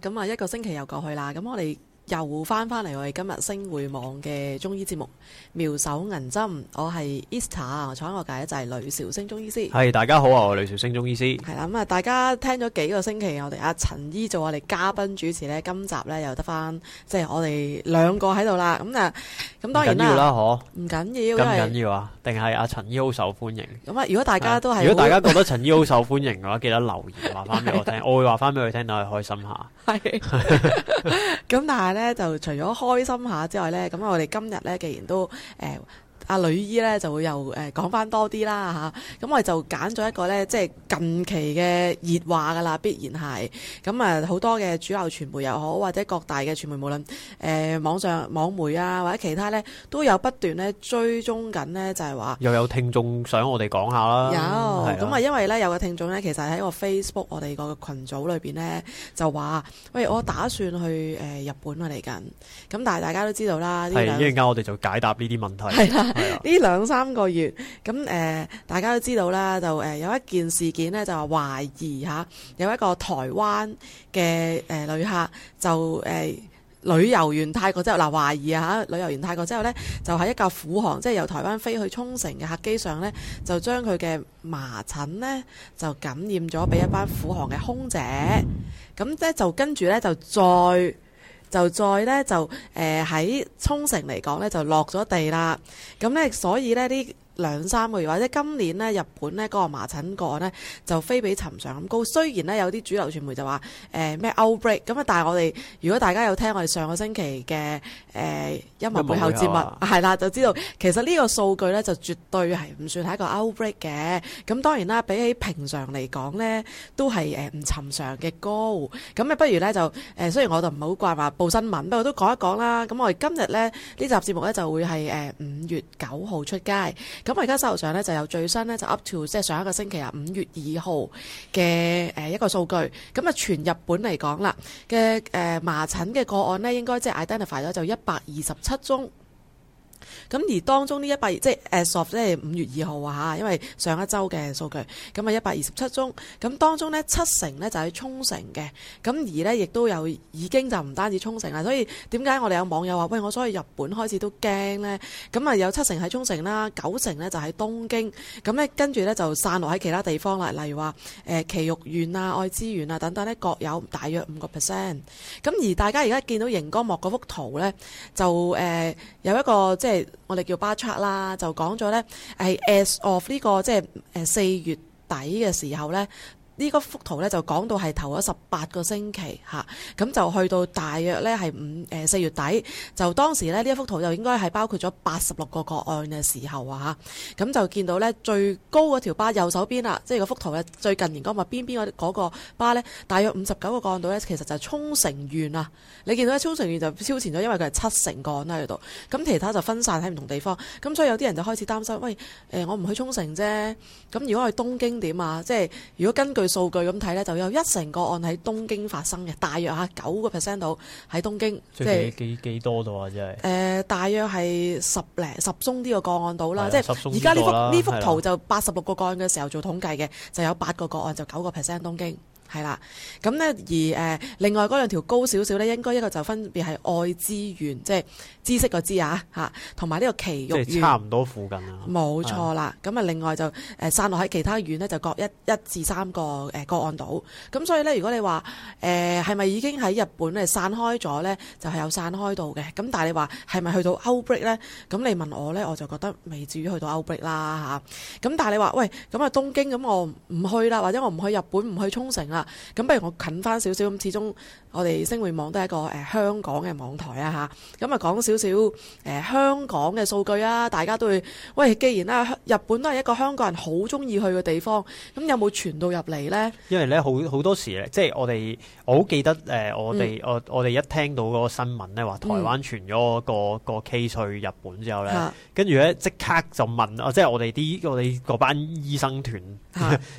咁啊，一個星期又過去啦，咁我哋。又翻翻嚟，我哋今日星匯網嘅中醫節目《妙手銀針》，我係 Easter 啊，坐喺我隔籬就係呂兆星中醫師。係，大家好啊，我係呂兆星中醫師。係啦，咁啊，大家聽咗幾個星期，我哋阿陳醫做我哋嘉賓主持咧，今集咧又得翻，即係我哋兩個喺度啦。咁啊，咁當然啦，嗬，唔緊要，咁緊要啊？定係阿陳醫好受歡迎？咁啊，如果大家都係，如果大家覺得陳醫好受歡迎嘅話，記得留言話翻俾我聽，我會話翻俾佢聽，等佢開心下。係，咁但係咧。咧就除咗開心下之外咧，咁我哋今日咧既然都誒。呃阿女醫咧就會又誒講翻多啲啦嚇，咁我就揀咗一個咧，即係近期嘅熱話噶啦，必然係咁啊，好多嘅主流傳媒又好，或者各大嘅傳媒無論誒網上網媒啊，或者其他咧，都有不斷咧追蹤緊，呢就係話又有聽眾想我哋講下啦。有咁啊，因為咧有個聽眾咧，其實喺個 Facebook 我哋個群組裏邊咧就話：喂，我打算去誒日本啊嚟緊。咁但係大家都知道啦，係一陣間我哋就解答呢啲問題。係啦。呢兩三個月咁誒，大家都知道啦，就誒有一件事件呢，就話懷疑吓有一個台灣嘅誒旅客就誒旅遊完泰國之後嗱，懷疑啊吓旅遊完泰國之後呢，就喺一架虎航即係由台灣飛去沖繩嘅客機上呢，就將佢嘅麻疹呢，就感染咗俾一班虎航嘅空姐，咁即係就跟住呢，就再。就再咧就誒喺、呃、沖繩嚟講咧就落咗地啦，咁咧所以咧啲。兩三個月或者今年咧，日本咧嗰個麻疹個案咧就非比尋常咁高。雖然咧有啲主流傳媒就話誒咩 outbreak 咁啊，但係我哋如果大家有聽我哋上個星期嘅誒音樂背後節目，係啦，就知道其實呢個數據咧就絕對係唔算係一個 outbreak 嘅。咁當然啦，比起平常嚟講咧，都係誒唔尋常嘅高。咁啊，不如咧就誒雖然我就唔好慣話報新聞，不過都講一講啦。咁我哋今日咧呢集節目咧就會係誒五月九號出街。咁而家手上咧就有最新咧就 up to 即係上一個星期啊五月二號嘅誒、呃、一個數據。咁啊全日本嚟講啦嘅誒，麻疹嘅個案咧應該即係 identify 咗就一百二十七宗。咁而當中呢一百即係誒 as of 即係五月二號啊嚇，因為上一周嘅數據，咁啊一百二十七宗，咁當中呢，七成呢就喺沖繩嘅，咁而呢，亦都有已經就唔單止沖繩啦，所以點解我哋有網友話喂我所以日本開始都驚呢？咁啊有七成喺沖繩啦，九成呢就喺東京，咁呢，跟住呢就散落喺其他地方啦，例如話誒埼玉縣啊、愛知縣啊等等咧，各有大約五個 percent。咁而大家而家見到熒光幕嗰幅圖呢，就誒、呃、有一個即係。我哋叫巴查啦，就講咗咧，係 as of 呢，這個即係誒四月底嘅時候咧。呢嗰幅圖咧就講到係頭嗰十八個星期嚇，咁、啊、就去到大約咧係五誒四月底，就當時咧呢一幅圖就應該係包括咗八十六個個案嘅時候啊嚇，咁就見到咧最高嗰條巴右手邊啦，即係幅圖嘅最近年嗰部分邊邊嗰個巴咧，大約五十九個個案度咧，其實就沖繩縣啊，你見到咧沖繩縣就超前咗，因為佢係七成個案喺度，咁其他就分散喺唔同地方，咁所以有啲人就開始擔心，喂誒、呃、我唔去沖繩啫，咁如果去東京點啊？即係如果根據，根據數據咁睇咧，就有一成個案喺東京發生嘅，大約嚇九個 percent 度喺東京，即係是幾幾多度啊？真係誒，大約係十零十宗呢個個案度啦，即係而家呢幅呢的幅圖就八十六個個案嘅時候做統計嘅，就有八個個案就九個 percent 東京。係啦，咁呢，而誒、呃、另外嗰兩條高少少呢，應該一個就分別係愛知縣，即、就、係、是、知識、啊、個知啊嚇，同埋呢個埼玉縣差唔多附近啊。冇錯啦，咁啊是的 另外就誒、呃、散落喺其他縣呢，就各一一至三個誒個，個案島。咁所以呢，如果你話誒係咪已經喺日本咧散開咗呢，就係、是、有散開到嘅。咁但係你話係咪去到 outbreak 呢？咁你問我呢，我就覺得未至於去到 outbreak 啦嚇。咁、啊、但係你話喂，咁啊東京咁我唔去啦，或者我唔去日本，唔去沖繩啦。咁、啊、不如我近翻少少，咁始終我哋星匯網都係一個誒、呃、香港嘅網台啊，嚇咁啊講少少誒香港嘅數據啊，大家都會喂，既然咧，日本都係一個香港人好中意去嘅地方，咁有冇傳到入嚟呢？」因為咧，好好多時即係、就是、我哋我好記得誒，呃嗯 uh, 我哋我我哋一聽到嗰個新聞咧，話台灣傳咗個,、嗯、個個 case 去日本之後咧，跟住咧即刻就問啊，即、就、係、是、我哋啲我哋嗰班醫生團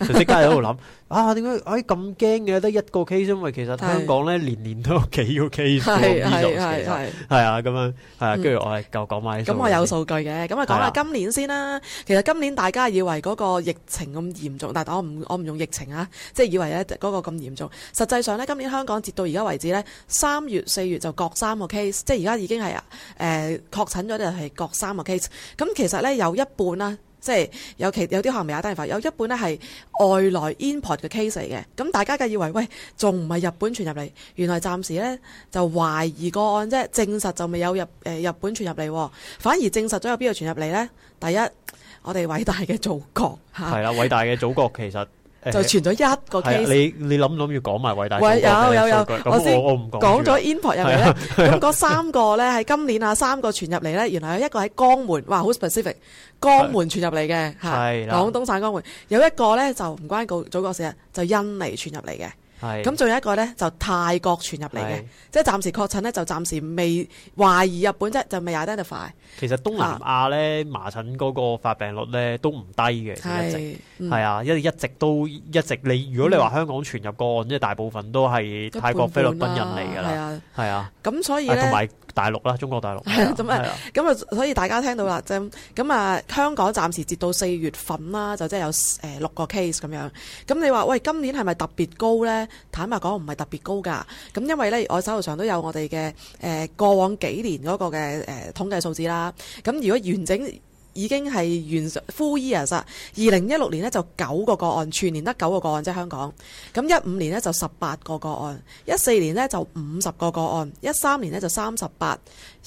就即刻喺度諗啊，點解咁？驚嘅，得一個 case，因為其實香港咧年對 年都有幾個 case 喺度嘅，係啊，咁樣，係啊、嗯，跟住我係夠講埋。咁我有數據嘅，咁啊講下今年先啦。對了 其實今年大家以為嗰個疫情咁嚴重，但係我唔，我唔用疫情啊，即係以為咧嗰個咁嚴重。實際上咧，今年香港截到而家為止咧，三月四月就各三個 case，即係而家已經係誒確診咗就係各三個 case。咁其實咧有一半啊。即係有其有啲可能未打單元法，有一半呢係外來 input 嘅 case 嚟嘅。咁大家就以為，喂，仲唔係日本傳入嚟？原來暫時呢，就懷疑個案啫，證實就未有日誒、呃、日本傳入嚟，反而證實咗有邊度傳入嚟呢？第一，我哋偉大嘅祖國係啦，啊、 偉大嘅祖國其實。 就傳咗一個 case， 你你諗諗要講埋偉大喂。有有有，有 我，我先講咗 input 入嚟咧，咁嗰三個咧喺今年啊，三個傳入嚟咧，原來有一個喺江門，哇，好 specific，江門傳入嚟嘅吓，廣對東省江門，有一個咧就唔關舊祖國事啊，就印尼傳入嚟嘅。咁仲有一個咧，就泰國傳入嚟嘅，的即係暫時確診咧，就暫時未懷疑日本啫，就未 identify。其實東南亞咧、啊、麻疹嗰個發病率咧都唔低嘅，一直係啊，一一直都一直你如果你話香港傳入個案，即係、嗯、大部分都係泰國、菲律賓人嚟噶啦，係啊，咁的的所以咧。大陸啦，中國大陸。咁 啊，咁啊，所以大家聽到啦，咁啊、嗯，香港暫時截到四月份啦，就即係有誒六個 case 咁樣。咁你話喂，今年係咪特別高呢？坦白講，唔係特別高㗎。咁因為呢，我手頭上都有我哋嘅誒過往幾年嗰個嘅誒、呃、統計數字啦。咁如果完整，已經係完 full year 啦。二零一六年呢，就九個個案，全年得九個個案啫。即係香港咁一五年呢，就十八個個案，一四年呢，就五十個個案，一三年呢，就三十八，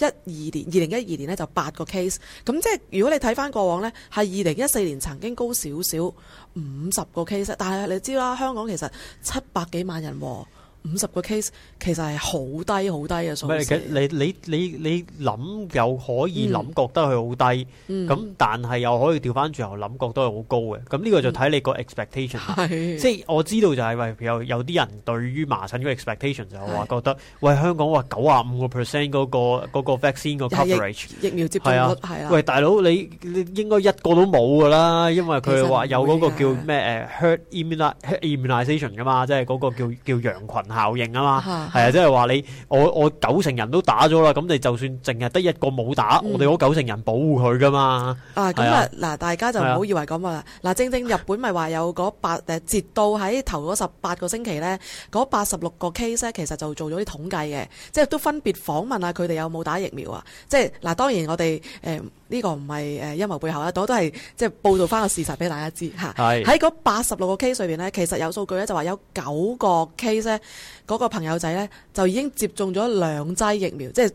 一二年二零一二年呢，就八個 case。咁即係如果你睇翻過往呢，係二零一四年曾經高少少五十個 case，但係你知啦，香港其實七百幾萬人喎。五十個 case 其實係好低好低嘅數，你你你你諗又可以諗覺得佢好低，咁但係又可以調翻轉頭諗覺得係好高嘅，咁呢個就睇你個 expectation，嗯、即係我知道就係、是、喂有有啲人對於麻疹嘅 expectation 是就話覺得喂香港話九啊五個 percent 嗰、那個 vaccine 個 coverage 疫，疫苗接種率係啊，了喂大佬你你應該一個都冇㗎啦，因為佢話有嗰個叫咩誒 herd immuni, herd immunization 㗎嘛，即係嗰個叫叫，叫羊群。效應啊嘛，係 啊，即係話你我我九成人都打咗啦，咁你就算淨係得一個冇打，嗯、我哋嗰九成人保護佢噶嘛，係啊，嗱、啊，的大家就唔好以為咁啊，嗱的，正正日本咪話有嗰八誒，直到喺頭嗰十八個星期呢，嗰八十六個 case 咧，其實就做咗啲統計嘅，即係都分別訪問下佢哋有冇打疫苗啊，即係嗱，當然我哋誒呢個唔係誒陰謀背後啊，我都係即係報導翻個事實俾大家知吓，係喺嗰八十六個 case 裏邊呢，其實有數據咧就話有九個 case 咧。嗰個朋友仔呢，就已經接種咗兩劑疫苗，即係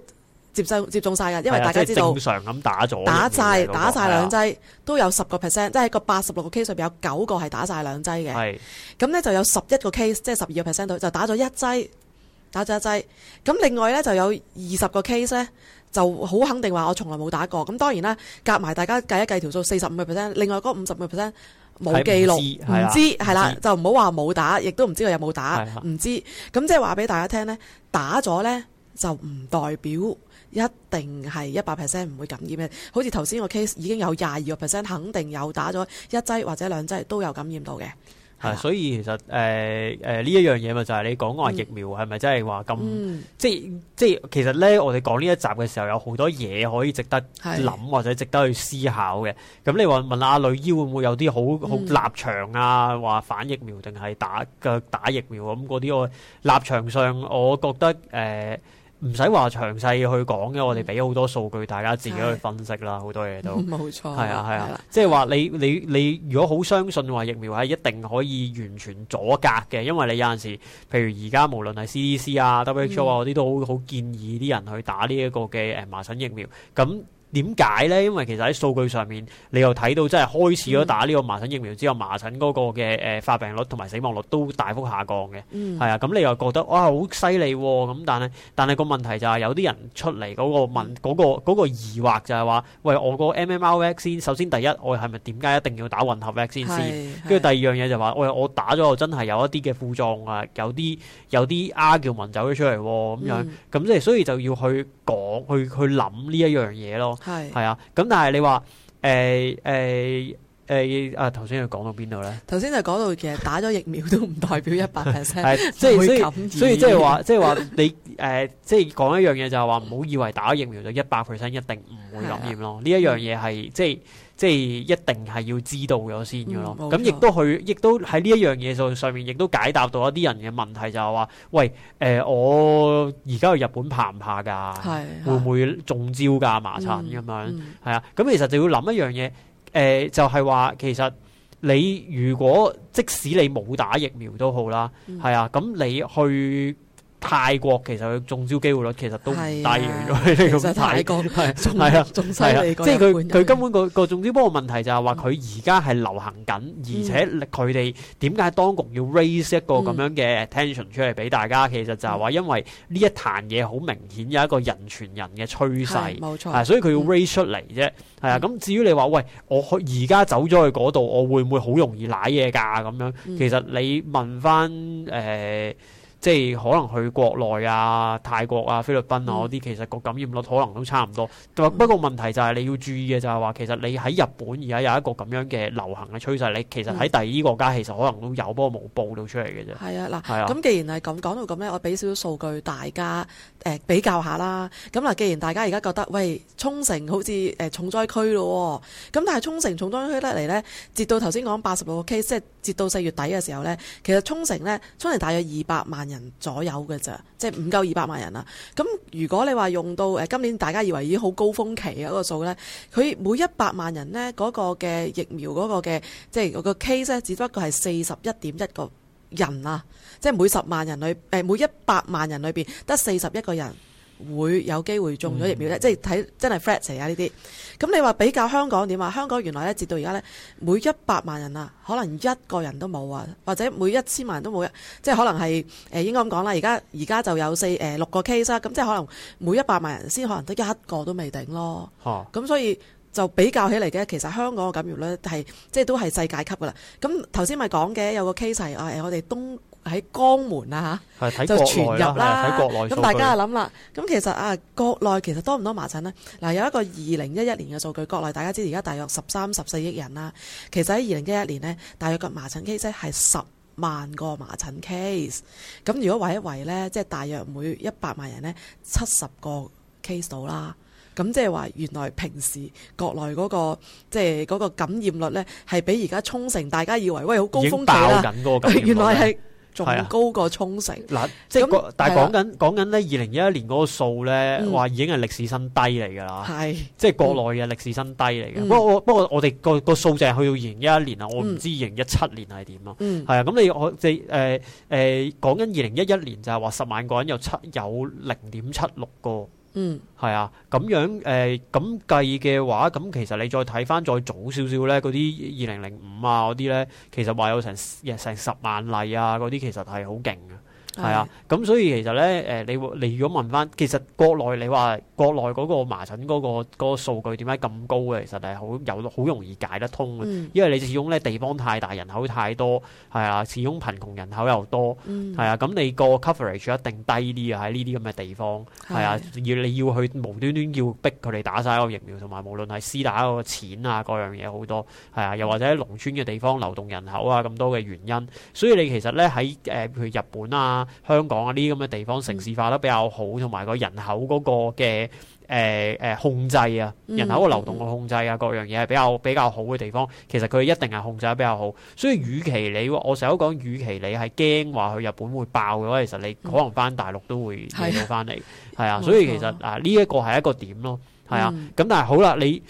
接種接種晒噶，因為大家知道正常咁打咗打晒完打晒兩劑，是的 都有十個 percent，即係喺個八十六個 case 上邊有九個係打晒兩劑嘅。係咁呢就有十一個 case，即係十二個 percent 度就打咗一劑，打咗一劑。咁另外呢，就有二十個 case 呢，就好肯定話我從來冇打過。咁當然啦，夾埋大家計一計條數，四十五個 percent，另外嗰五十個 percent。冇記錄，唔知係啦，就唔好話冇打，亦都唔知佢有冇打，唔知。咁即係話俾大家聽呢，打咗呢，就唔代表一定係一百 percent 唔會感染嘅，好似頭先個 case 已經有廿二個 percent 肯定有打咗一劑或者兩劑都有感染到嘅。係， 所以其實誒誒呢一樣嘢咪就係你講話疫苗係咪真係話咁，嗯、即即其實咧，我哋講呢一集嘅時候，有好多嘢可以值得諗或者值得去思考嘅。咁你話問阿女醫會唔會有啲好好立場啊？話反疫苗定係打嘅打疫苗咁嗰啲我立場上，我覺得誒。呃唔使話詳細去講嘅，我哋俾好多數據，大家自己去分析啦。好多嘢都冇錯，係啊係啊，即係話你你你，你你如果好相信話疫苗係一定可以完全阻隔嘅，因為你有陣時，譬如而家無論係 CDC 啊、WHO 啊嗰啲、嗯、都好好建議啲人去打呢一個嘅誒麻疹疫苗，咁。點解咧？因為其實喺數據上面，你又睇到即係開始咗打呢個麻疹疫苗之後，嗯、麻疹嗰個嘅誒發病率同埋死亡率都大幅下降嘅。係啊、嗯，咁你又覺得哇，好犀利咁。但係但係個問題就係有啲人出嚟嗰個問嗰、嗯嗰個嗰個疑惑就係話：喂，我個 MMR 先，首先第一我係咪點解一定要打混合 vaccine 先？跟住第二樣嘢就話、是：喂，我打咗真係有一啲嘅副狀啊，有啲有啲 argument 走咗出嚟咁、哦、樣。咁即係所以就要去講去去諗呢一樣嘢咯。係係、欸欸欸、啊，咁但係你話誒誒誒啊，頭先你講到邊度咧？頭先就講到其實打咗疫苗都唔代表一百 percent，係即係所以所以即係話即係話你誒即係講一樣嘢就係話唔好以為打咗疫苗就一百 percent 一定唔會感染咯，呢一的樣嘢係即係。就是即係一定係要知道咗先嘅咯，咁亦、嗯、都去，亦都喺呢一樣嘢上上面，亦都解答到一啲人嘅問題，就係話：喂，誒、呃，我而家去日本怕唔怕㗎？係的會唔會中招㗎麻疹咁樣？係啊、嗯，咁、嗯、其實就要諗一樣嘢，誒、呃，就係、是、話其實你如果即使你冇打疫苗都好啦，係啊、嗯，咁你去。泰國其實佢中招機會率其實都唔低，其實泰國係係啊，仲犀利，即係佢佢根本個個中招，不過問題就係話佢而家係流行緊，而且佢哋點解當局要 raise 一個咁樣嘅 attention 出嚟俾大家？其實就係話因為呢一壇嘢好明顯有一個人傳人嘅趨勢，冇錯，所以佢要 raise 出嚟啫。係啊，咁至於你話喂，我而家走咗去嗰度，我會唔會好容易舐嘢㗎咁樣？其實你問翻誒。即係可能去國內啊、泰國啊、菲律賓啊嗰啲，嗯、其實個感染率可能都差唔多。嗯、不過問題就係你要注意嘅就係話，其實你喺日本而家有一個咁樣嘅流行嘅趨勢，你其實喺第二國家其實可能都有，不過冇報道出嚟嘅啫。係、嗯、啊，嗱，咁既然係咁講到咁咧，我俾少少數據大家誒、呃、比較下啦。咁嗱，既然大家而家覺得喂沖繩好似誒、呃、重災區咯、哦，咁但係沖繩重災區得嚟咧，截到頭先講八十六個 case，即係截到四月底嘅時候咧，其實沖繩咧，沖繩大約二百萬人左右嘅咋，即係唔夠二百萬人啦。咁如果你話用到誒，今年大家以為已經好高峰期啊，嗰個數呢，佢每一百萬人呢，嗰個嘅疫苗嗰個嘅，即係個 case 呢，只不過係四十一點一個人啊，即係每十萬人裏，誒每一百萬人裏邊得四十一個人。會有機會中咗疫苗咧，嗯、即係睇真係 flat 嘢啊呢啲。咁你話比較香港點啊？香港原來咧，直到而家咧，每一百萬人啊，可能一個人都冇啊，或者每一千萬人都冇一，即係可能係誒、呃、應該咁講啦。而家而家就有四誒、呃、六個 case 啦，咁即係可能每一百萬人先可能得一個都未頂咯。咁、啊、所以就比較起嚟嘅，其實香港嘅感染率咧係即係都係世界級噶啦。咁頭先咪講嘅有個 case 係誒我哋東。喺江門啊嚇，就傳入啦。咁大家就諗啦，咁其實啊，國內其實多唔多麻疹呢？嗱，有一個二零一一年嘅數據，國內大家知而家大約十三十四億人啦。其實喺二零一一年呢，大約嘅麻疹 case 係十萬個麻疹 case。咁如果圍一圍呢，即係大約每一百萬人呢，七十個 case 到啦。咁即係話原來平時國內嗰、嗰個即係嗰個感染率呢，係比而家沖繩大家以為喂好高峯期啦，原來係。仲高過沖繩嗱，即係、嗯、但係講緊講緊咧，二零一一年嗰個數咧，話、嗯、已經係歷史新低嚟㗎啦，係是即係國內嘅歷史新低嚟嘅、嗯不啊。不過不過我哋個個,個數就係去到二零一一年啦，我唔知二零一七年係點咯，係、嗯、啊，咁、嗯、你我你誒誒講緊二零一一年就係話十萬個人有七有零點七六個。嗯，係啊，咁樣誒咁計嘅話，咁其實你再睇返再早少少咧，嗰啲二零零五啊嗰啲咧，其實話有成成十萬例啊嗰啲，其實係好勁嘅。係啊，咁所以其實咧，誒、呃，你你如果問翻，其實國內你話國內嗰個麻疹嗰、那個嗰、那個數據點解咁高嘅，其實係好有好容易解得通嘅，因為你始終咧地方太大，人口太多，係啊，始終貧窮人口又多，係、嗯、啊，咁你個 coverage 一定低啲啊，喺呢啲咁嘅地方，係啊，要、啊啊、你要去無端端要逼佢哋打晒個疫苗，同埋無論係私打個錢啊，各樣嘢好多，係啊，又或者農村嘅地方流動人口啊，咁多嘅原因，所以你其實咧喺誒譬如日本啊，香港啊，呢啲咁嘅地方城市化得比較好，同埋個人口嗰個嘅誒誒控制啊，人口嘅流動嘅控制啊，各樣嘢係比較比較好嘅地方。其實佢一定係控制得比較好。所以與，與其你我成日都講，與其你係驚話去日本會爆嘅話，其實你可能翻大陸都會睇到翻嚟。係是啊，所以其實、嗯、啊，呢一個係一個點咯。係啊，咁、嗯嗯、但係好啦，你又，你，你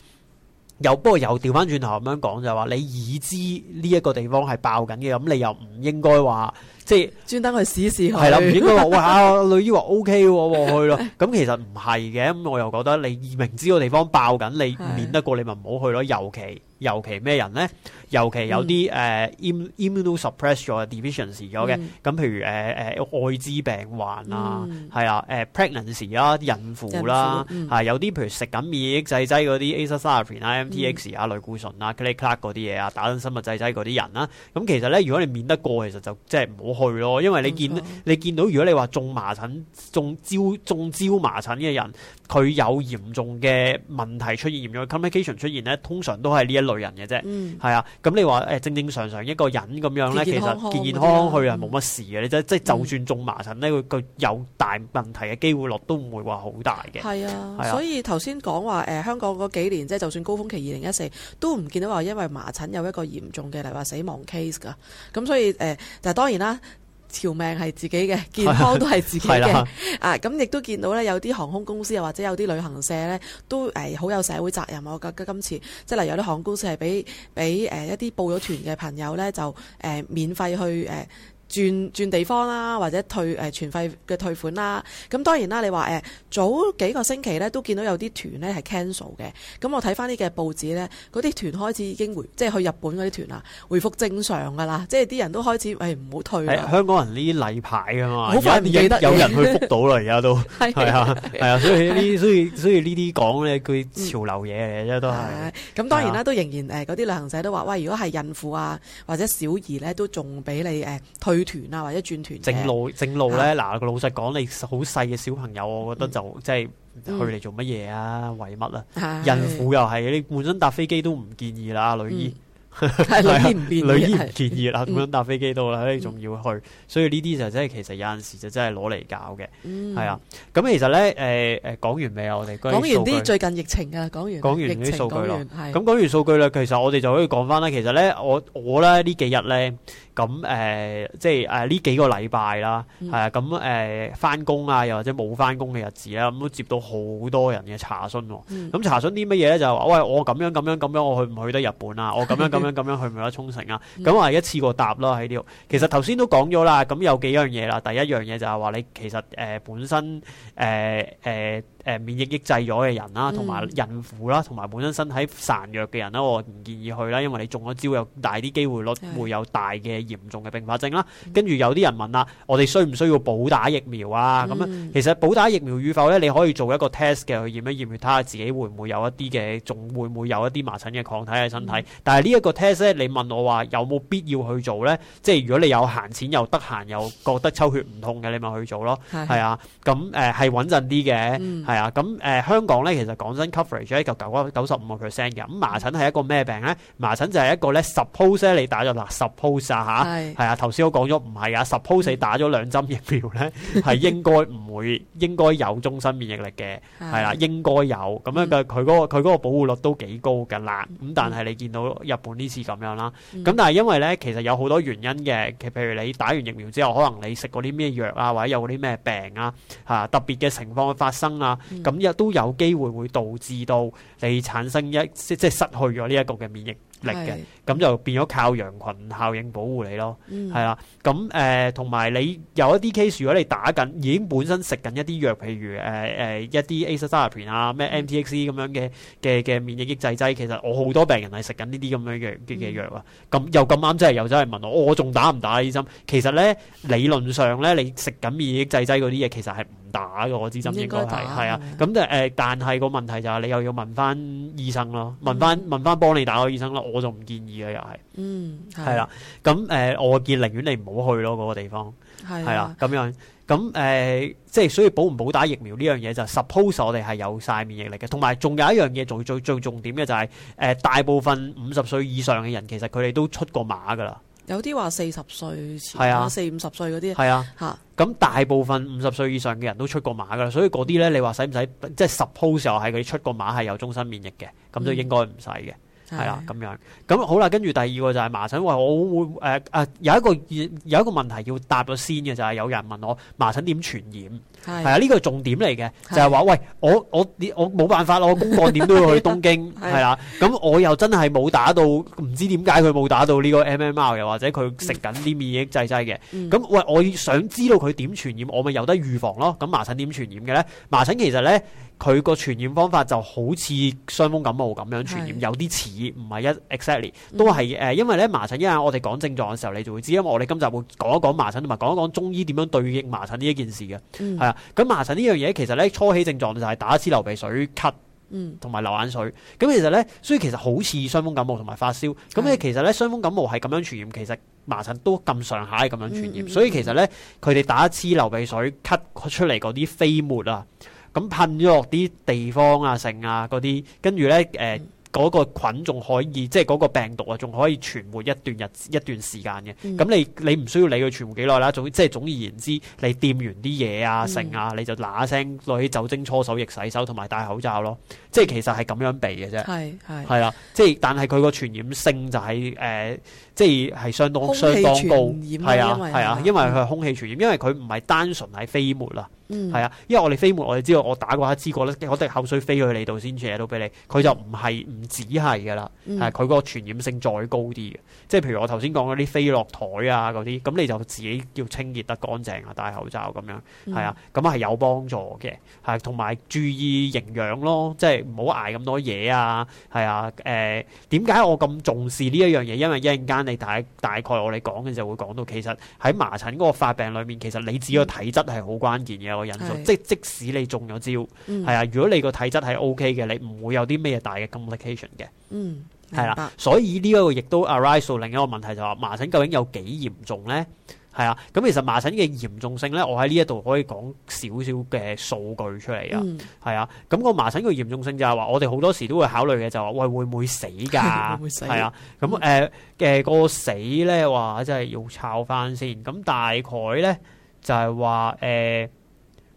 又不過又調翻轉頭咁樣講，就話你已知呢一個地方係爆緊嘅，咁你又唔應該話。即係專登去試試，係啦，唔應該話，喂，阿女醫話 OK 喎去咯，咁其實唔係嘅，咁我又覺得你明知個地方爆緊，你免得過你咪唔好去咯，尤其。尤其咩人咧？尤其有啲誒 immunosuppressed deficiency 時咗嘅，咁譬如誒誒艾滋病患啊，係、嗯、啊，誒、呃、pregnancy 啊，孕婦啦、啊，係、嗯啊、有啲譬如食緊免疫抑制劑嗰啲、啊、azathioprine 啊、MTX 啊、類固醇啊、clac 嗰啲嘢啊，打緊生，生物製劑嗰啲人啦、啊。咁、嗯、其實咧，如果你免得過，其實就、就是、即係唔好去咯，因為你見你見到，如果你話中麻疹、中招、中招麻疹嘅人。佢有嚴重嘅問題出現，嚴重嘅 complication 出現咧，通常都係呢一類人嘅啫。係啊、嗯，咁你話誒正正常常一個人咁樣咧，健健康康其實健健康康去啊冇乜事嘅。你即即就算中麻疹咧，佢佢有大問題嘅機會率都唔會話好大嘅。係啊，所以頭先講話誒香港嗰幾年即係就算高峰期二零一四都唔見到話因為麻疹有一個嚴重嘅例如話死亡 case 㗎。咁所以誒、呃，但係當然啦。條命係自己嘅，健康都係自己嘅。 的啊，咁亦都見到呢，有啲航空公司又或者有啲旅行社呢，都誒好有社會責任。我覺得今次即係例如有啲航空公司係俾俾誒一啲報咗團嘅朋友呢，就、呃、誒免費去誒。呃轉轉地方啦，或者退誒全費嘅退款啦。咁當然啦，你話誒早幾個星期咧都見到有啲團呢係 cancel 嘅。咁我睇翻啲嘅報紙呢，嗰啲團開始已經回即係去日本嗰啲團啊，回覆正常㗎啦。即係啲人都開始誒唔好退，香港人呢啲例牌㗎嘛，好快唔記得有人去復到啦，而家都係啊係啊，所以呢所以所以呢啲講咧佢潮流嘢嚟啫，都係。咁、嗯、當然啦，都仍然誒嗰啲旅行社都話：喂，如果係孕婦啊或者小兒呢，都仲俾你誒退。轉團啊，或者轉團。正路正路咧，嗱個、啊、老實講，你好細嘅小朋友，我覺得就即係去嚟做乜嘢啊？嗯、為乜啊？孕婦又係，你本身搭飛機都唔建議啦，女醫。嗯係女醫唔建議啦，咁樣搭飛機到啦，唉，仲要去，所以呢啲就真係其實有陣時就真係攞嚟搞嘅，係啊。咁其實咧，誒誒講完未啊？我哋講完啲最近疫情啊，講完講完啲數據咯，係。咁講完數據咧，其實我哋就可以講翻啦。其實咧，我我咧呢幾日咧，咁誒，即係誒呢幾個禮拜啦，係啊。咁誒翻工啊，又或者冇翻工嘅日子啦，咁都接到好多人嘅查詢。咁查詢啲乜嘢咧？就話喂，我咁樣咁樣咁樣，我去唔去得日本啊？我咁樣咁。咁樣去咪得沖繩啊？咁話、嗯、一次過答咯喺呢度。其實頭先都講咗啦，咁有幾樣嘢啦。第一樣嘢就係話你其實誒、呃、本身誒誒。呃呃誒免疫抑制咗嘅人啦，同埋孕婦啦，同埋本身身體孱弱嘅人啦，我唔建議去啦，因為你中咗招有大啲機會率，會有大嘅嚴重嘅併發症啦。跟住有啲人問啦，我哋需唔需要補打疫苗啊？咁樣其實補打疫苗與否咧，你可以做一個 test 嘅去驗一驗，睇下自己會唔會有一啲嘅，仲會唔會有一啲麻疹嘅抗體喺身體。但係呢一個 test 咧，你問我話有冇必要去做咧？即係如果你有閒錢又得閒又覺得抽血唔痛嘅，你咪去做咯。係啊，咁誒係穩陣啲嘅。啊，咁誒香港咧，其實講真 coverage 喺個九啊九十五個 percent 嘅。咁麻疹係一個咩病咧？麻疹就係一個咧，suppose 咧你打咗嗱，suppose 啊嚇，係啊，頭先我講咗唔係啊，suppose 你打咗兩針疫苗咧，係應該唔會應該有終身免疫力嘅，係啊，應該有咁樣嘅佢嗰個佢嗰個保護率都幾高㗎啦。咁但係你見到日本呢次咁樣啦，咁但係因為咧其實有好多原因嘅，其譬如你打完疫苗之後，可能你食過啲咩藥啊，或者有啲咩病啊，嚇特別嘅情況發生啊。咁亦都有機會會導致到。你產生一即即係失去咗呢一個嘅免疫力嘅，咁就變咗靠羊群效應保護你咯，係啦。咁誒同埋你有一啲 case，如果你打緊已經本身食緊一啲藥，譬如誒誒一啲 azathioprine 啊、咩 MTX 咁樣嘅嘅嘅免疫抑制劑，其實我好多病人係食緊呢啲咁樣嘅嘅藥啊。咁又咁啱真係又走去問我，我仲打唔打呢針？其實咧理論上咧，你食緊免疫抑制劑嗰啲嘢，其實係唔打嘅，我支針應該係係啊。咁就誒，但係個問題就係你又要問翻。問翻醫生咯，問翻問翻幫你打個醫生咯，我就唔建議嘅又係，嗯，係啦，咁誒、呃，我建議寧願你唔好去咯嗰、那個地方，係啊的，咁樣，咁誒、呃，即係所以補唔補打疫苗呢樣嘢就 suppose 我哋係有晒免疫力嘅，同埋仲有一樣嘢，仲最最重點嘅就係、是，誒、呃，大部分五十歲以上嘅人其實佢哋都出過麻㗎啦。有啲話四十歲，四五十歲嗰啲，係啊，吓咁、啊啊、大部分五十歲以上嘅人都出過麻㗎喇，所以嗰啲咧，你話使唔使即係十鋪時候係佢出過麻係有終身免疫嘅，咁都應該唔使嘅。嗯係啦，咁樣咁、嗯、好啦，跟住第二個就係麻疹。喂，我會誒誒、呃呃、有一個、呃、有一個問題要答咗先嘅，就係、是、有人問我麻疹點傳染？係啊是，呢個重點嚟嘅，是就係話喂，我我我冇辦法咯，我公幹點都要去東京係 是啦。咁我又真係冇打到，唔知點解佢冇打到呢個 MMR 嘅，或者佢食緊啲免疫劑劑嘅。咁、嗯、喂，我想知道佢點傳染，我咪有得預防咯。咁麻疹點傳染嘅咧？麻疹其實咧，佢個傳染方法就好似傷風感冒咁樣傳染，是有啲似。唔係一 exactly，都係誒、呃，因為咧麻疹，一陣我哋講症狀嘅時候，你就會知，因為我哋今集會講一講麻疹同埋講一講中醫點樣對應麻疹呢一件事嘅，係啊、嗯。咁麻疹呢樣嘢其實咧初起症狀就係打一支流鼻水、咳，同埋、嗯、流眼水。咁其實咧，所以其實好似傷風感冒同埋發燒。咁誒，其實咧傷風感冒係咁樣傳染，其實麻疹都咁上下係咁樣傳染。嗯嗯嗯嗯嗯，所以其實咧，佢哋打一支流鼻水、咳出嚟嗰啲飛沫啊，咁噴咗落啲地方啊、剩啊嗰啲，跟住咧誒。呃嗯嗰個菌仲可以，即係嗰個病毒啊，仲可以存活一段日一段時間嘅。咁、嗯、你你唔需要理佢存活幾耐啦。總即係總而言之，你掂完啲嘢啊、剩啊、嗯，你就嗱聲攞起酒精搓手液洗手，同埋戴口罩咯。即係其實係咁樣避嘅啫。係係係啦。即係但係佢個傳染性就係、是、誒。呃即係相當相當高，係啊係啊，啊啊因為佢係空氣傳染，嗯、因為佢唔係單純係飛沫啦，係、嗯、啊，因為我哋飛沫，我哋知道我打過一支過咧，我哋口水飛去你度先傳到俾你，佢就唔係唔止係噶啦，係佢個傳染性再高啲嘅，即係、嗯、譬如我頭先講嗰啲飛落台啊嗰啲，咁你就自己要清潔得乾淨啊，戴口罩咁樣，係啊，咁係、嗯啊、有幫助嘅，係同埋注意營養咯，即係唔好捱咁多嘢啊，係啊，誒點解我咁重視呢一樣嘢？因為一陣間。你大大概我哋講嘅時候會講到，其實喺麻疹嗰個發病裏面，其實你自己個體質係好關鍵嘅、嗯、一個因素，即即使你中咗招，係啊、嗯，如果你個體質係 O K 嘅，你唔會有啲咩大嘅 complication 嘅，嗯，係啦，所以呢一個亦都 arise 到另一個問題就話，麻疹究竟有幾嚴重咧？係啊，咁其實麻疹嘅嚴重性咧，我喺呢一度可以講少少嘅數據出嚟啊。係啊、嗯，咁、嗯個麻疹嘅嚴重性就係話，我哋好多時都會考慮嘅就係、係、話，喂會唔會死㗎？係啊， 咁誒嘅個死咧話、就係呃，即係要抄翻先。咁大概咧就係話誒，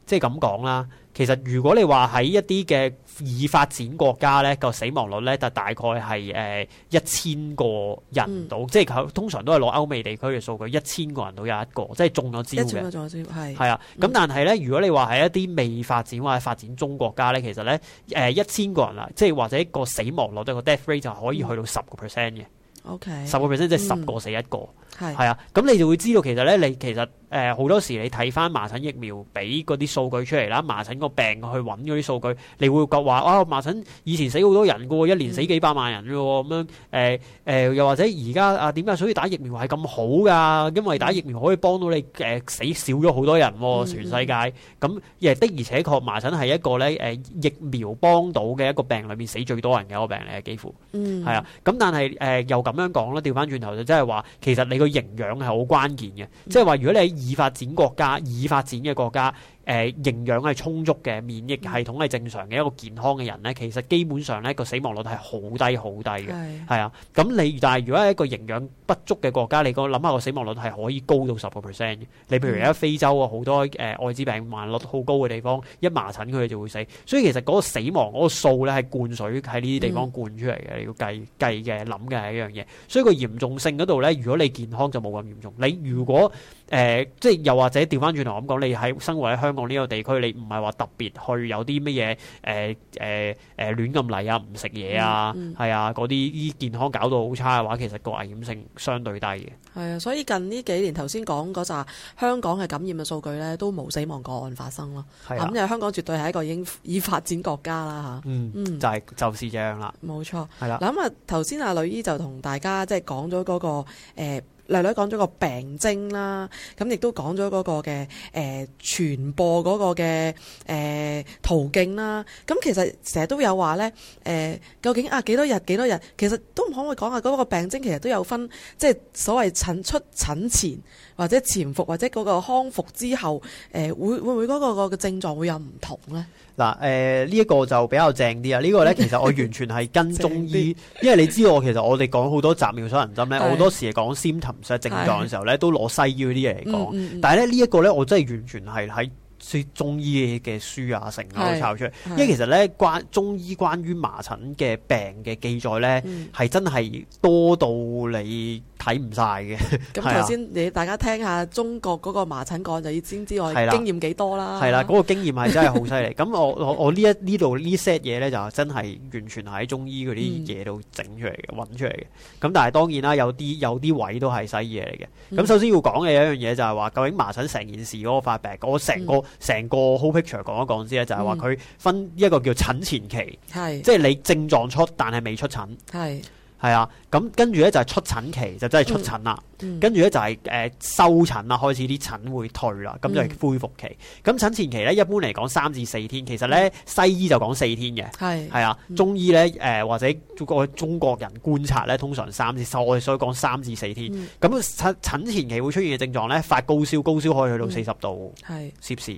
即係咁講啦。其實如果你話喺一啲嘅已發展國家咧，個死亡率咧，就大概係誒一千個人到，即係通常都係攞歐美地區嘅數據，一千個人到有一個，即係中咗招嘅。係啊，咁但係咧，如果你話喺一啲未發展或者發展中國家咧，其實咧誒一千個人啦，即係或者個死亡率即係個 death rate 就可以去到十個 percent 嘅。O K. 十個 percent 即係十個死一個。係啊，咁你就會知道其實咧，你其實。誒好、呃、多時你睇翻麻疹疫苗俾嗰啲數據出嚟啦，麻疹個病去揾嗰啲數據，你會覺話哇、啊、麻疹以前死好多人㗎喎，一年死幾百萬人㗎喎咁樣誒誒、呃呃，又或者而家啊點解所以打疫苗係咁好㗎？因為打疫苗可以幫到你誒、呃、死少咗好多人喎，全世界咁的，而且確麻疹係一個咧誒、呃、疫苗幫到嘅一個病裏面死最多人嘅一個病嚟嘅，幾乎嗯係啊，咁但係誒、呃、又咁樣講啦。調翻轉頭就真係話其實你個營養係好關鍵嘅，即係話如果你。已發展國家，已發展嘅國家。誒、呃，營養係充足嘅，免疫系統係正常嘅一個健康嘅人咧，其實基本上咧個死亡率係好低好低嘅，係啊的。咁你但係如果係一個營養不足嘅國家，你個諗下個死亡率係可以高到十個 percent 嘅。你譬如而家非洲啊，好多誒愛、呃、滋病患率好高嘅地方，一麻疹佢哋就會死。所以其實嗰個死亡嗰個數咧係灌水喺呢啲地方灌出嚟嘅，你要計計嘅諗嘅係一樣嘢。所以個嚴重性嗰度咧，如果你健康就冇咁嚴重。你如果誒、呃，即係又或者調翻轉頭咁講，你喺生活喺香港。呢個地區你唔係話特別去有啲乜嘢，誒誒誒，亂咁嚟啊，唔食嘢啊，係啊，嗰啲依健康搞到好差嘅話，其實個危險性相對低嘅。係啊、嗯，所以近呢幾年頭先講嗰紮香港嘅感染嘅數據咧，都冇死亡個案發生咯。咁就香港絕對係一個已經已發展國家啦吓。嗯嗯，就係、是、就是這樣啦。冇錯。係啦。嗱，咁啊，頭先阿呂姨就同大家即係講咗嗰個誒。呃例如講咗個病徵啦，咁亦都講咗嗰個嘅誒、呃、傳播嗰個嘅誒、呃、途徑啦。咁其實成日都有話咧，誒、呃、究竟啊幾多日幾多日？其實都唔可唔可以講下嗰個病徵其實都有分，即、就、係、是、所謂疹出、疹前或者潛伏或者嗰個康復之後，誒、呃、會會唔會嗰、那個、那個嘅症狀會有唔同咧？嗱，誒呢一個就比較正啲啊！這個、呢個咧其實我完全係跟中醫， 些因為你知道我其實我哋講好多集妙手銀針咧，好 多時係講 symptoms 症狀嘅時候咧， 都攞西醫嗰啲嘢嚟講。 嗯嗯但係咧呢一、這個咧，我真係完全係喺。說中醫嘅書啊、成日都抄出，嚟。因為其實咧關中醫關於麻疹嘅病嘅記載咧，係、嗯、真係多到你睇唔晒嘅。咁頭先你大家聽下中國嗰個麻疹講，就要先知我經驗幾多啦。係啦，嗰個經驗係真係好犀利。咁 我我我呢一呢度呢 set 嘢咧，就真係完全喺中醫嗰啲嘢度整出嚟嘅、揾、嗯、出嚟嘅。咁但係當然啦，有啲有啲位都係西醫嘢嚟嘅。咁首先要講嘅一樣嘢就係話，究竟麻疹成件事嗰個發病，我成個、嗯。成個 whole picture，講一講先咧，就係話佢分一個叫疹前期，是 即係你症狀出，但係未出疹。是是係啊，咁跟住咧就係出疹期，就真係出疹啦。跟住咧就係誒收疹啦，開始啲疹會退啦，咁就係恢復期。咁疹前期咧，一般嚟講三至四天。其實咧西醫就講四天嘅，係係啊，中醫咧誒或者個中國人觀察咧，通常三至，我哋所以講三至四天。咁疹前期會出現嘅症狀咧，發高燒，高燒可以去到四十度，係攝氏，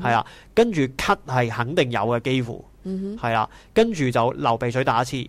係啊。跟住咳係肯定有嘅，幾乎係啦。跟住就流鼻水打一次。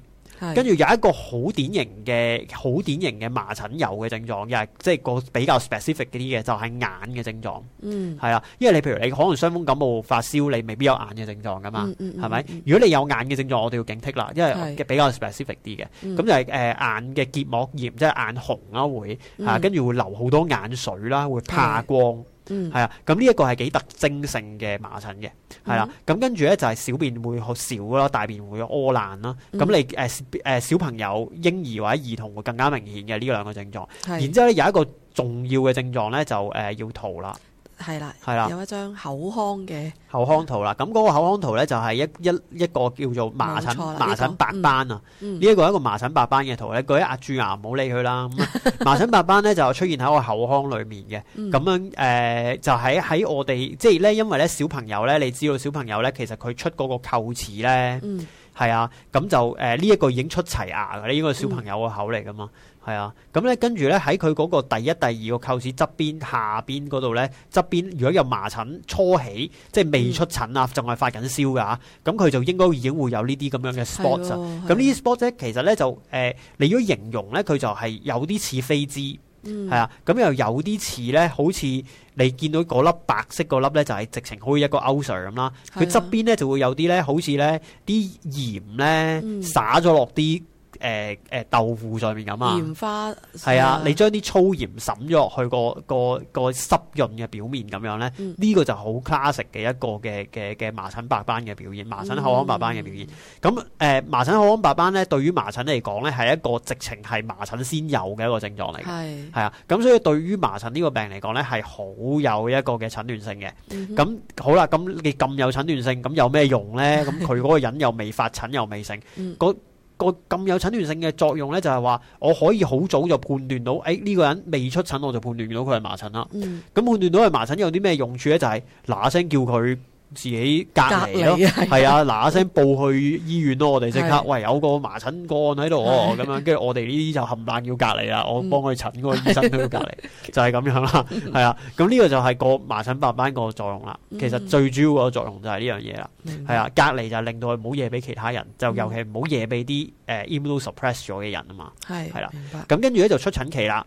跟住有一個好典型嘅、好典型嘅麻疹有嘅症狀，又係即係個比較 specific 啲嘅，就係、係、眼嘅症狀。嗯，係啊，因為你譬如你可能傷風感冒發燒，你未必有眼嘅症狀噶嘛，係咪、嗯嗯嗯？如果你有眼嘅症狀，我哋要警惕啦，因為比較 specific 啲嘅。咁、嗯、就誒眼嘅結膜炎，即、就、係、係、眼紅啦，會、嗯、啊，跟住會流好多眼水啦，會怕光。嗯，係啊，咁呢一個係幾特徵性嘅麻疹嘅，係啦，咁、嗯、跟住咧就係、是、小便會好少咯，大便會屙爛啦，咁、嗯、你誒誒、呃小，呃、小朋友、嬰兒或者兒童會更加明顯嘅呢兩個症狀，是然之後咧有一個重要嘅症狀咧就誒、呃、要逃啦。係啦，係啦，有一張口腔嘅口腔圖啦。咁、那、嗰個口腔圖咧，就係、是、一一一,一個叫做麻疹麻疹白斑啊。呢一、嗯嗯、個一個麻疹白斑嘅圖咧，嗰啲壓住牙唔好理佢啦。嗯、 麻疹白斑咧就出現喺個口腔裏面嘅。咁樣誒、呃，就喺喺我哋，即係咧，因為咧小朋友咧，你知道小朋友咧，其實佢出嗰個臼齒咧，係啊、嗯，咁就誒呢一個已經出齊牙嘅，呢、這個小朋友嘅口嚟噶嘛。係啊，咁咧跟住咧喺佢嗰個第一、第二個臼齒側邊下邊嗰度咧，側邊如果有麻疹初起，即係未出疹啊，仲係發緊燒嘅嚇，咁佢、嗯、就應該已經會有呢啲咁樣嘅 spots 啊。咁呢啲 spots 咧，的其實咧就誒、呃，你如果形容咧，佢就係有啲似飛枝，係啊，咁又有啲似咧，好似你見到嗰粒白色嗰粒咧，就係直情好似一個 ulcer 咁啦。佢側邊咧就會有啲咧，好似咧啲鹽咧灑咗落啲。誒誒、呃呃，豆腐上面咁啊，鹽花係啊，你將啲粗鹽滲咗落去個個個濕潤嘅表面咁樣咧，呢、嗯、個就好 classic 嘅一個嘅嘅嘅麻疹白斑嘅表現，嗯、麻疹口腔白斑嘅表現。咁誒，麻疹口腔白斑咧，對於麻疹嚟講咧，係一個直情係麻疹先有嘅一個症狀嚟嘅，係係是啊。咁所以對於麻疹呢個病嚟講咧，係好有一個嘅診斷性嘅。咁、嗯、哼好啦，咁你咁有診斷性，咁有咩用咧？咁佢嗰個人又未發疹又未成，嗯嗯個咁有診斷性嘅作用咧，就係話我可以好早就判斷到，誒、哎、呢、這個人未出疹，我就判斷到佢係麻疹啦。咁、嗯、判斷到係麻疹有啲咩用處咧？就係嗱聲叫佢。自己隔離咯，係啊，嗱聲報去醫院咯，我哋即刻，喂，有個麻疹個案喺度，咁樣跟住我哋呢啲就冚唪唥要隔離啦，我幫佢診個醫生喺度隔離，就係咁樣啦，係啊，咁呢個就係個麻疹白斑個作用啦，其實最主要個作用就係呢樣嘢啦，係啊，隔離就係令到佢唔好嘢俾其他人，就尤其唔好嘢俾啲誒 immune suppressed 咗嘅人啊嘛，係，係啦，咁跟住咧就出疹期啦。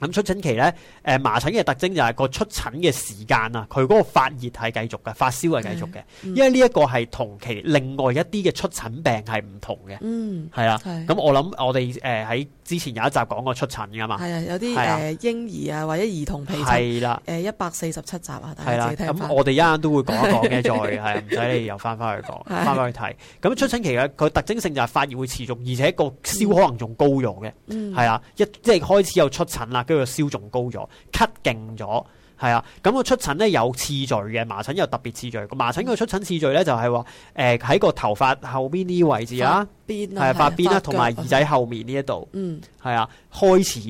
咁出疹期咧，誒、呃、麻疹嘅特徵就係個出疹嘅時間啊，佢嗰個發熱係繼續嘅，發燒係繼續嘅，因為呢一個係同期另外一啲嘅出疹病係唔同嘅，係啦，咁我諗我哋誒喺，呃之前有一集講過出疹噶嘛，係啊，有啲誒的、呃、嬰兒啊或者兒童皮疹係啦，誒一百四十七集啊，大家自己聽翻。咁我哋一陣都會講一講嘅， 再係唔使你又翻翻去講，翻翻 的去睇。咁、嗯、出疹期咧，佢特徵性就係發熱會持續，而且個燒可能仲高咗嘅，係啊、嗯，一即係開始有出疹啦，跟住燒仲高咗，咳勁咗。係啊，咁個出疹咧有次序嘅，麻疹有特別次序。麻疹個出疹次序咧就係、是、話，誒喺個頭髮後邊呢位置啊，誒髮邊啦，同埋耳仔後面呢一度，係啊、嗯，開始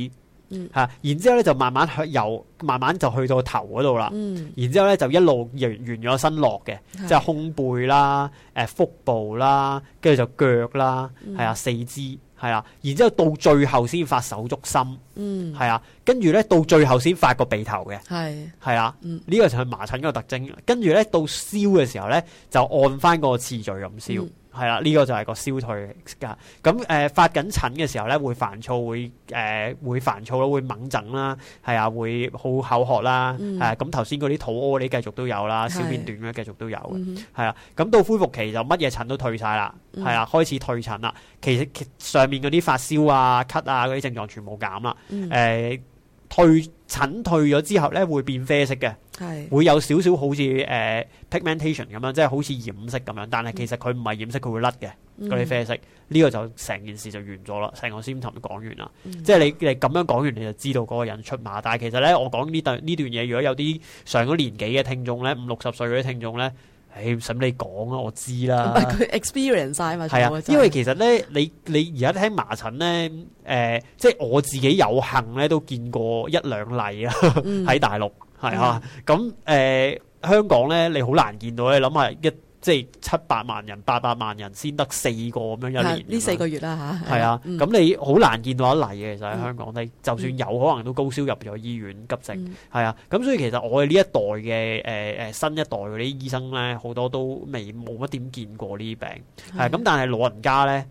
吓、嗯，然之後咧就慢慢去由慢慢就去到頭嗰度啦，嗯、然之後咧就一路完完咗身落嘅，嗯、即係胸背啦，誒、呃、腹部啦，跟住就腳啦，係啊、嗯、四肢。係啦，然之後到最後先發手足心，嗯，係啊，跟住咧到最後先發個鼻頭嘅，係，係啊，呢個就係麻疹嗰個特徵。跟住咧到燒嘅時候咧，就按翻個次序咁燒。嗯。係啦，呢、這個就係個消退噶。咁、啊、誒、呃、發緊疹嘅時候咧，會煩躁、呃，會誒會煩躁啦，會猛疹啦，係、嗯、啊，會好口渴啦，係。咁頭先嗰啲肚屙啲繼續都有啦，小便短咧繼續都有嘅。係啊、嗯，咁到恢復期就乜嘢疹都退晒啦，係啊、嗯，開始退疹啦。其實上面嗰啲發燒啊、咳，咳啊嗰啲症狀全部減啦，誒、嗯。呃退疹退咗之後咧，會變啡色嘅，會有少少好似誒 pigmentation 咁樣，即係好似染色咁樣。但係其實佢唔係染色，佢會甩嘅嗰啲啡色。呢個就成件事就完咗啦，成個先頭講完啦。即係你你咁樣講完，你就知道嗰個人出麻。但係其實咧，我講呢段呢段嘢，如果有啲上咗年紀嘅聽眾咧，五六十歲嗰啲聽眾咧。唉，使乜你講啊？我知啦。唔係佢 experience 曬嘛？係 啊樂，因為其實咧，你你而家聽麻疹咧，誒、呃，即係我自己有幸咧都見過一兩例、嗯、 啊，喺大陸係啊，咁誒、呃、香港咧你好難見到，你諗下一。即係七百萬人、八百萬人先得四個咁樣一年，呢四個月啦吓？係啊，咁、嗯、你好難見到一例嘅，其實喺香港咧，嗯、你就算有，可能都高燒入咗醫院急症。係、嗯、啊，咁所以其實我哋呢一代嘅誒誒新一代嗰啲醫生咧，好多都未冇乜點見過呢啲病。係咁、啊，啊、但係老人家咧。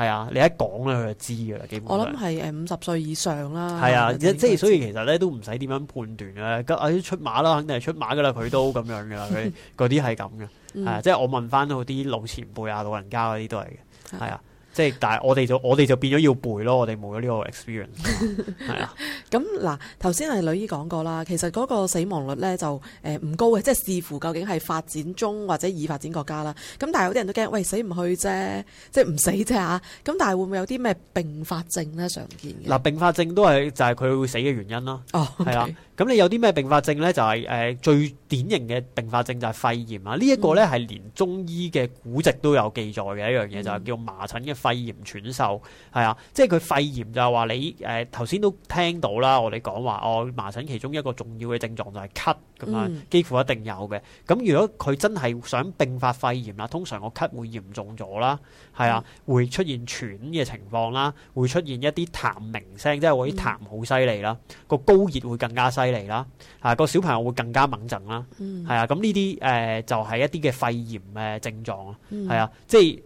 係啊，你一講咧，佢就知噶啦，基本上。我諗係誒五十歲以上啦。係啊，即係所以其實咧都唔使點樣判斷嘅，咁、哎、啊出馬啦，肯定係出馬噶啦，佢都咁樣噶啦，佢嗰啲係咁嘅，係啊，即、嗯、我問翻到啲老前輩啊、老人家嗰啲都係嘅，係啊。即係，但係我哋就我哋就變咗要背咯，我哋冇咗呢個 experience、嗯。係 啊，咁嗱、 嗯，頭先係女醫講過啦，其實嗰個死亡率咧就誒唔高嘅，即係視乎究竟係發展中或者已發展國家啦。咁但係有啲人都驚，喂死唔去啫，即係唔死啫吓。咁、啊、但係會唔會有啲咩併發症咧？常見嘅嗱，併發症都係就係佢會死嘅原因啦。哦，係、okay. 啦、啊。咁你有啲咩併發症咧？就係、是、誒最典型嘅併發症就係肺炎啊。呢一個咧係連中醫嘅古籍都有記載嘅一樣嘢、嗯， 就係、是、叫麻疹嘅。就是肺炎喘嗽，係啊，即係佢肺炎就係話你誒，頭先都聽到啦，我哋講話哦，麻疹其中一個重要嘅症狀就係咳咁啊，幾乎一定有嘅。咁如果佢真係想併發肺炎啦，通常個咳會嚴重咗啦，係啊，會出現喘嘅情況啦，會出現一啲痰鳴聲，即係嗰啲痰好犀利啦，個高熱會更加犀利啦，吓、啊那個小朋友會更加猛震啦，係啊，咁呢啲誒就係、是、一啲嘅肺炎嘅症狀咯，係啊，啊，即係。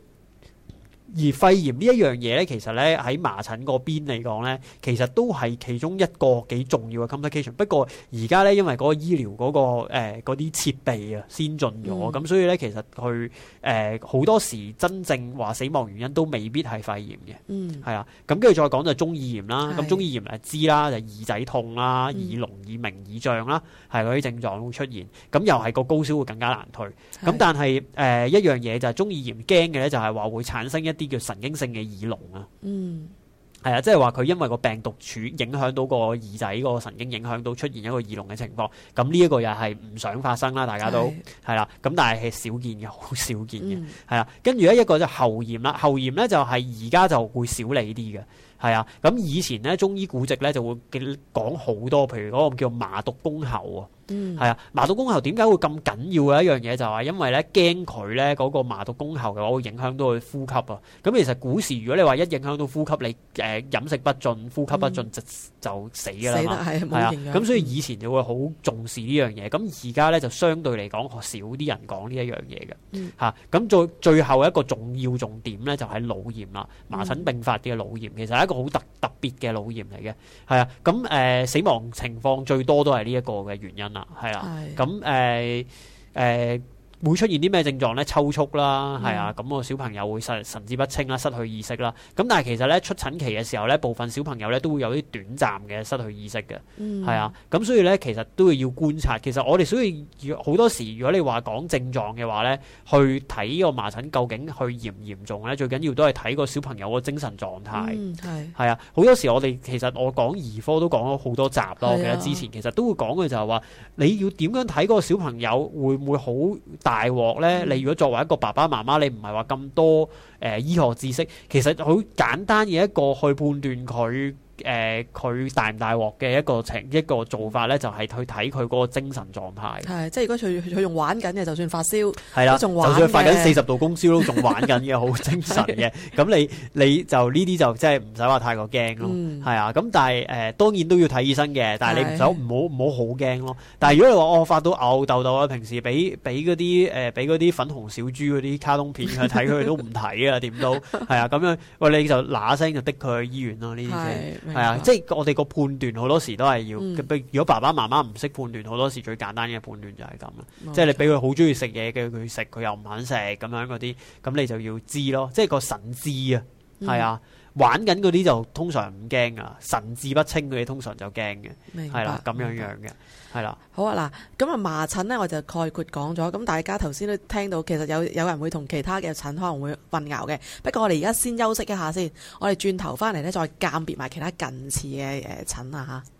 而肺炎呢一樣嘢咧，其實咧喺麻疹個邊嚟講咧，其實都係其中一個幾重要嘅 complication。不過而家咧，因為嗰個醫療嗰、嗰個嗰啲、呃、設備啊先進咗，咁、嗯、所以咧其實去誒好多時真正話死亡原因都未必係肺炎嘅。嗯，係啊。咁跟住再講就中耳炎啦。咁的中耳炎就知啦，就係、耳仔痛啦、的耳聾、耳鳴、耳脹啦，係嗰啲症狀會出現。咁又係個高燒會更加難退。咁但係誒一樣嘢就係中耳炎驚嘅咧，就係話會產生一啲。啲叫神經性嘅耳聾啊，嗯，係啊，即係話佢因為個病毒處影響到個耳仔個神經，影響到出現一個耳聾嘅情況，咁呢一個又係唔想發生啦，大家都係啦，咁是但係係少見嘅，好少見嘅，係啦、嗯，跟住咧一個就喉炎啦，喉炎咧就係而家就會少理啲嘅。係啊，咁以前咧，中醫古籍咧就會講好多，譬如嗰個叫麻毒攻喉啊，嗯，係啊，麻毒攻喉點解會咁緊要嘅一樣嘢？就係、是、因為咧驚佢咧嗰個麻毒攻喉嘅話，會影響到佢呼吸啊。咁其實古時如果你話一影響到呼吸，你誒、呃、飲食不進、呼吸不進就就死㗎啦嘛，係啊，咁、啊、所以以前就會好重視呢樣嘢。咁而家咧就相對嚟講少啲人講呢一樣嘢嘅，嗯，咁最、啊、最後一個重要重點咧就係、是、腦炎啦，麻疹並發嘅腦炎，其實係一。好特特別嘅腦炎嚟嘅，係啊，咁誒、呃、死亡情況最多都係呢一個嘅原因啦，係啊，咁誒誒。呃呃會出現啲咩症狀咧？抽搐啦，係、嗯、啊，咁、嗯、個、嗯、小朋友會失神志不清啦，失去意識啦。咁但係其實咧，出診期嘅時候咧，部分小朋友咧都會有啲短暫嘅失去意識嘅，係、嗯、啊。咁、嗯、所以咧，其實都要觀察。其實我哋所以好多時，如果你話講症狀嘅話咧，去睇個麻疹究竟去嚴唔嚴重咧，最緊要都係睇個小朋友個精神狀態。嗯，係啊。好多時我哋其實我講兒科都講咗好多集咯，啊、我記得之前其實都會講嘅就係話，你要點樣睇個小朋友會唔會好大大鑊咧，你如果作為一個爸爸媽媽，你唔係話咁多誒、呃、醫學知識，其實好簡單嘅一個去判斷佢。誒，佢、呃、大唔大鑊嘅一個情一個做法咧，就係、是、去睇佢嗰個精神狀態。係，即係如果佢佢仲玩緊嘅，就算發燒，係啦的，仲玩，就算發緊四十度公燒都仲玩緊嘅，好 精神嘅。咁的你你就呢啲就即係唔使話太過驚咯，係啊、嗯。咁但係誒、呃，當然都要睇醫生嘅。但係你唔使，唔好唔好好驚咯。但係如果你話我、哦、發到嘔痘痘啊，平時俾俾嗰啲誒，俾啲、呃、粉紅小豬嗰啲卡通片去睇佢 都唔睇啊，點都係啊。咁 樣喂、哎，你就嗱聲就逼佢去醫院咯。呢啲的係啊，即係我哋個判斷好多時都係要，嗯、如果爸爸媽媽唔識判斷，好多時最簡單嘅判斷就係咁啦。即係你俾佢好中意食嘢嘅，佢食佢又唔肯食咁樣嗰啲，咁你就要知咯，即係個神知啊，係啊、嗯。玩緊嗰啲就通常唔驚啊，神志不清嗰啲通常就驚嘅，係啦，咁樣樣嘅，係啦白。的好啊，嗱，咁啊麻疹呢，我就概括講咗，咁大家頭先都聽到，其實有有人會同其他嘅疹可能會混淆嘅。不過我哋而家先休息一下先，我哋轉頭返嚟呢，再鑑別埋其他近似嘅誒疹啊嚇。